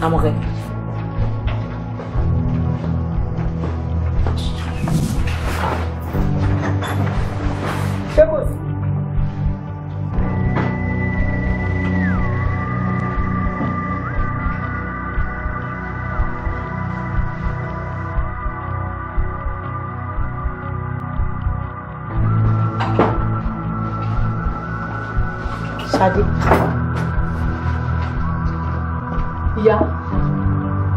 Amore. okay. ìyá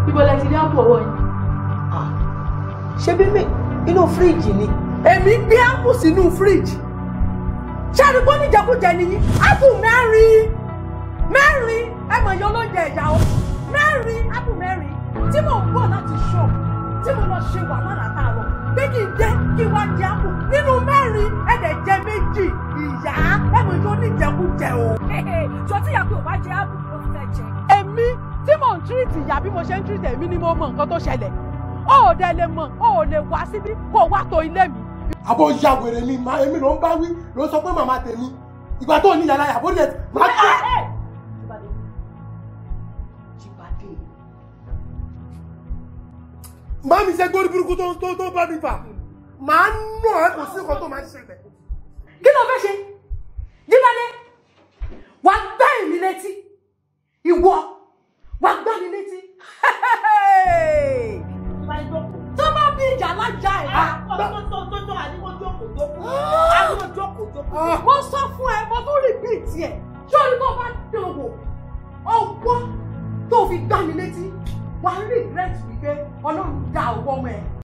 ìbọ̀lẹ̀ ti rí àpò ọwọ́ yìí. ṣé bí mi inú fíríjì ni èmi gbé àpò sínú fíríjì ṣé àdúgbò níjẹkújẹ nìyí àpò mẹ́rin mẹ́rin ẹ mọ̀ yọ lóúnjẹ ìyá o mẹ́rin àpò mẹ́rin tí mò ń bọ̀ láti ṣọ̀ tí mo lọ ṣe wà lọ́la táàrọ̀ pé kí n dé kí n wá jẹ àpò nínú mẹ́rin ẹ̀dẹ̀ jẹ méjì ìyá ẹ mọ̀ yọ níjẹkújẹ o. ṣọtí ìyá pé ò bá jẹ àpò ló fẹ́ jẹ ń tírìtì ìyá bí mo ṣe ń tírìtì èmi ni mo mọ nǹkan tó ṣẹlẹ̀ ó ò dẹ lè mọ ó ò lè wá síbí kó wá tó ilé mi. àbọ̀ ya wèrè mi máa èmi ló ń bá wí ló sọ pé màmá tèmi ìgbà tó ní yàrá yàbó lè má tẹ. má mi ṣe gbórí burúkú tó tó tó bá mi fà máa ń nù ẹ kò sí nǹkan tó máa ń ṣẹlẹ̀. kí ló fẹ́ ṣe jíládé wàá gbẹ́ ìmí létí ìwọ. mo sọ fún ẹ mo tún rí bíi tiẹ̀ sórí tó bá dán wò ọwọ́ tó fi gbá mi létí wàá rí ìrẹ́tì wípé ọlọ́run dá ọwọ́ mọ́ ẹ.